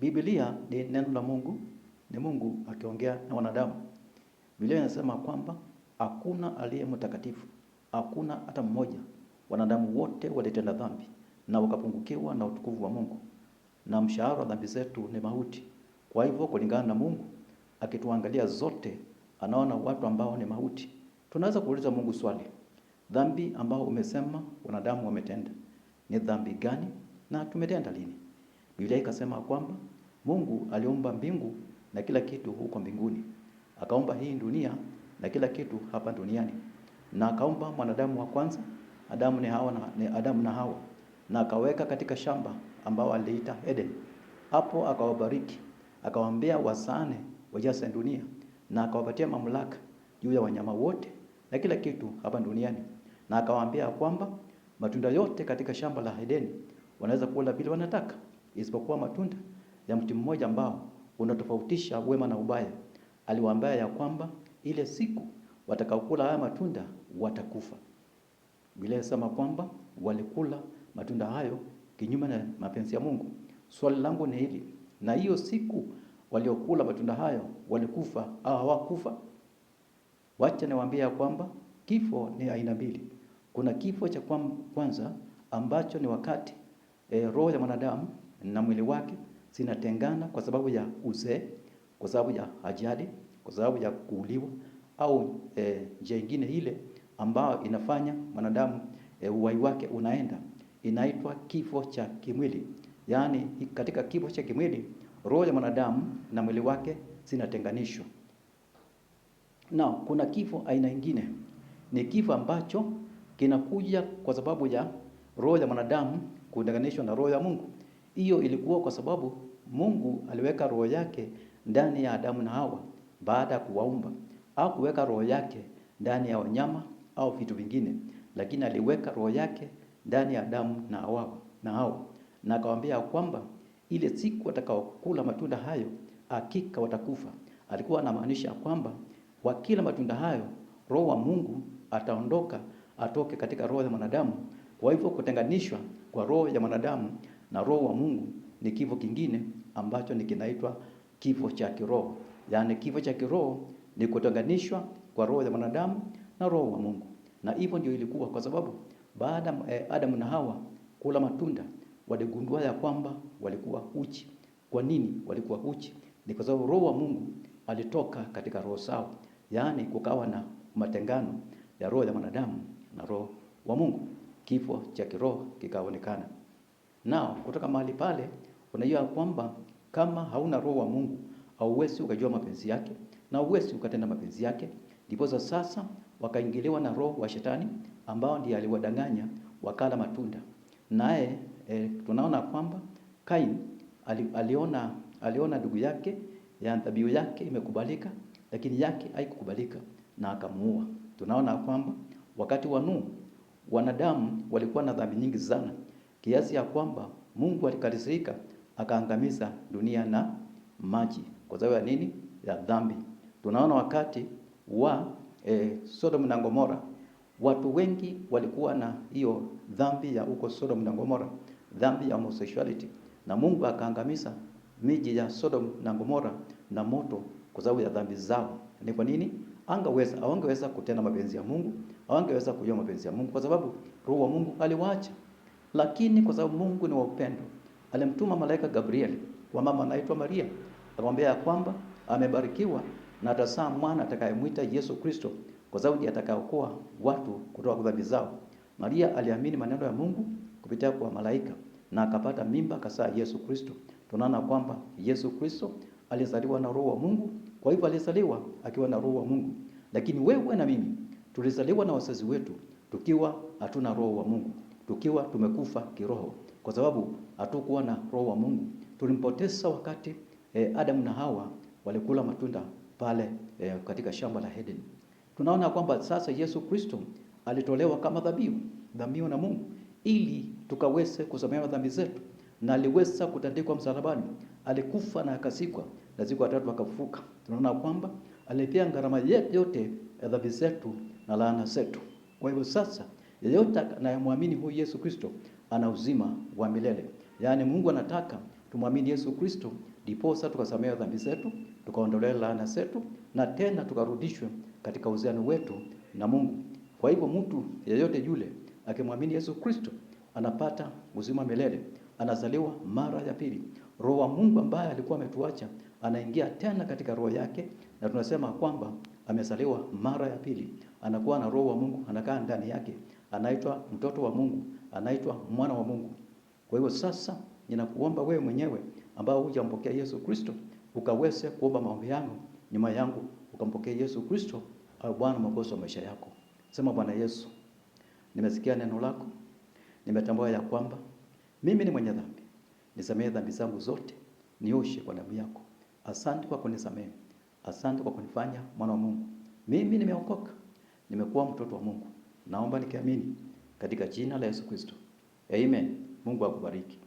Biblia ni neno la Mungu, ni Mungu akiongea na wanadamu. Biblia inasema kwamba hakuna aliye mtakatifu, hakuna hata mmoja. Wanadamu wote walitenda dhambi na wakapungukiwa na utukufu wa Mungu, na mshahara wa dhambi zetu ni mauti. Kwa hivyo, kulingana na Mungu akituangalia zote, anaona watu ambao ni mauti. Tunaweza kuuliza Mungu swali, dhambi ambao umesema wanadamu wametenda ni dhambi gani na tumetenda lini? Biblia ikasema kwamba Mungu aliumba mbingu na kila kitu huko mbinguni, akaumba hii dunia na kila kitu hapa duniani, na akaumba mwanadamu wa kwanza Adamu na Hawa na, Adamu na Hawa na akaweka katika shamba ambao aliita Eden. Hapo akawabariki, akawaambia wasane, wajaze dunia na akawapatia mamlaka juu ya wanyama wote na kila kitu hapa duniani, na akawaambia kwamba matunda yote katika shamba la Edeni wanaweza kula bila wanataka isipokuwa matunda ya mti mmoja ambao unatofautisha wema na ubaya. Aliwaambia ya kwamba ile siku watakaokula haya matunda watakufa. Biblia inasema kwamba walikula matunda hayo kinyume na mapenzi ya Mungu. Swali langu ni hili, na hiyo siku waliokula matunda hayo walikufa au hawakufa? Wacha niwaambie ya kwamba kifo ni aina mbili. Kuna kifo cha kwanza ambacho ni wakati e, roho ya mwanadamu na mwili wake zinatengana kwa sababu ya uzee, kwa sababu ya ajali, kwa sababu ya kuuliwa au e, njia ingine ile ambayo inafanya mwanadamu e, uhai wake unaenda, inaitwa kifo cha kimwili. Yaani katika kifo cha kimwili roho ya mwanadamu na mwili wake zinatenganishwa. Na kuna kifo aina ingine, ni kifo ambacho kinakuja kwa sababu ya roho ya mwanadamu kutenganishwa na roho ya Mungu. Hiyo ilikuwa kwa sababu Mungu aliweka roho yake ndani ya Adamu na Hawa baada ya kuwaumba. Hakuweka roho yake ndani ya wanyama au vitu vingine, lakini aliweka roho yake ndani ya Adamu na Hawa na Hawa na akawaambia kwamba ile siku watakaokula matunda hayo hakika watakufa. Alikuwa anamaanisha kwamba wakila matunda hayo roho wa Mungu ataondoka atoke katika roho ya mwanadamu, kwa hivyo kutenganishwa kwa roho ya mwanadamu na roho wa Mungu ni kifo kingine ambacho ni kinaitwa kifo cha kiroho. Yaani kifo cha kiroho ni kutenganishwa kwa roho ya mwanadamu na roho wa Mungu, na hivyo ndio ilikuwa, kwa sababu baada eh, Adamu na Hawa kula matunda waligundua ya kwamba walikuwa uchi. Kwa nini walikuwa uchi? Ni kwa sababu roho wa Mungu alitoka katika roho zao, yaani kukawa na matengano ya roho ya mwanadamu na roho wa Mungu. Kifo cha kiroho kikaonekana. Nao kutoka mahali pale unajua kwamba kama hauna roho wa Mungu hauwezi ukajua mapenzi yake na uwezi ukatenda mapenzi yake. Ndipo sasa wakaingiliwa na roho wa shetani ambao ndiye aliwadanganya wakala matunda. Naye e, tunaona kwamba Kain ali, aliona aliona ndugu yake ya dhabihu yake imekubalika, lakini yake haikukubalika na akamuua. Tunaona kwamba wakati wa Nuhu wanadamu walikuwa na dhambi nyingi sana kiasi ya kwamba Mungu alikasirika akaangamiza dunia na maji kwa sababu ya nini? Ya dhambi. Tunaona wakati wa e, Sodom na Gomora, watu wengi walikuwa na hiyo dhambi ya huko Sodom na Gomora, dhambi ya homosexuality, na Mungu akaangamiza miji ya Sodom na Gomora na moto kwa sababu ya dhambi zao. Ni kwa nini? Angeweza, hawangeweza kutenda mapenzi ya Mungu, hawangeweza kujua mapenzi ya Mungu kwa sababu roho wa Mungu aliwaacha. Lakini kwa sababu Mungu ni wa upendo, alimtuma malaika Gabriel kwa mama anaitwa Maria, akamwambia ya kwamba amebarikiwa na atazaa mwana atakayemwita Yesu Kristo, kwa sababu ndiye atakayeokoa watu kutoka kwa dhambi zao. Maria aliamini maneno ya Mungu kupitia kwa malaika na akapata mimba akazaa Yesu Kristo. Tunaona kwamba Yesu Kristo alizaliwa na Roho wa Mungu, kwa hivyo alizaliwa akiwa na Roho wa Mungu. Lakini wewe na mimi tulizaliwa na wazazi wetu tukiwa hatuna Roho wa Mungu tukiwa tumekufa kiroho, kwa sababu hatukuwa na roho wa Mungu. Tulimpoteza wakati e, Adamu na Hawa walikula matunda pale e, katika shamba la Eden. Tunaona kwamba sasa Yesu Kristo alitolewa kama dhabihu, dhabihu na Mungu ili tukaweze kusamehewa dhambi zetu, na aliweza kutandikwa msalabani, alikufa na akasikwa na siku ya tatu akafufuka. Tunaona kwamba alipia gharama yetu yote ya dhambi zetu na laana zetu. Kwa hivyo sasa Yeyote anayemwamini huyu Yesu Kristo ana uzima wa milele. Yaani Mungu anataka tumwamini Yesu Kristo ndiposa tukasamehe dhambi zetu, tukaondolewa laana zetu na tena tukarudishwe katika uhusiano wetu na Mungu. Kwa hivyo mtu yeyote yule akimwamini Yesu Kristo anapata uzima milele, anazaliwa mara ya pili. Roho wa Mungu ambaye alikuwa ametuacha anaingia tena katika roho yake, na tunasema kwamba amezaliwa mara ya pili, anakuwa na roho wa Mungu, anakaa ndani yake anaitwa mtoto wa Mungu, anaitwa mwana wa Mungu. Kwa hiyo sasa ninakuomba wewe mwenyewe ambao hujampokea Yesu Kristo ukaweze kuomba maombi yangu nyuma yangu, ukampokea Yesu Kristo au Bwana mwokozi wa maisha yako. Sema, Bwana Yesu, nimesikia neno lako, nimetambua ya kwamba mimi ni mwenye dhambi, nisamehe dhambi zangu zote, nioshe kwa damu yako. Asante kwa kunisamehe, asante kwa kunifanya mwana wa Mungu. Mimi nimeokoka, nimekuwa mtoto wa Mungu. Naomba nikiamini katika jina la Yesu Kristo. Amen. Mungu akubariki.